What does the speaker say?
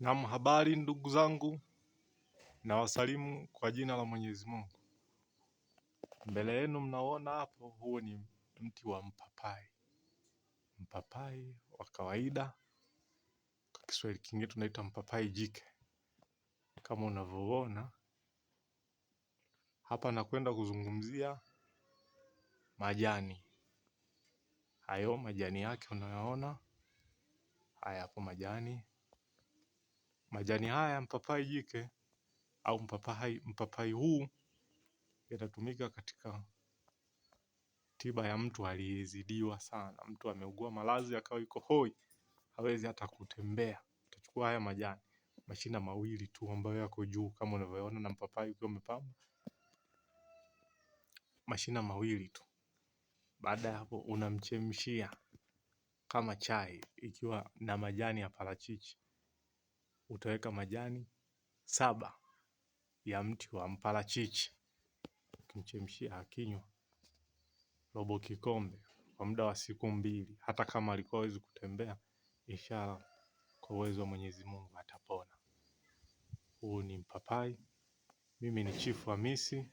Na habari ndugu zangu nawasalimu kwa jina la mwenyezi mungu. Mbele yenu mnaona hapo huo ni mti wa mpapai. Mpapai wa kawaida kwa Kiswahili kingine tunaita mpapai jike. Kama unavyoona hapa nakwenda kuzungumzia majani. Hayo majani yake unayaona haya hapo majani Majani haya ya mpapai jike au mpapai, mpapai huu yatatumika katika tiba ya mtu aliyezidiwa sana. Mtu ameugua malazi akawa yuko hoi, hawezi hata kutembea. Utachukua haya majani mashina mawili tu ambayo yako juu kama unavyoona na mpapai ukiwa umepamba mashina mawili tu. Baada ya hapo unamchemshia kama chai ikiwa na majani ya parachichi utaweka majani saba ya mti wa mparachichi, ukimchemshia akinywa robo kikombe kwa muda wa siku mbili, hata kama alikuwa hawezi kutembea, ishara kwa uwezo wa Mwenyezi Mungu atapona. Huu ni mpapai. Mimi ni Chifu Hamisi.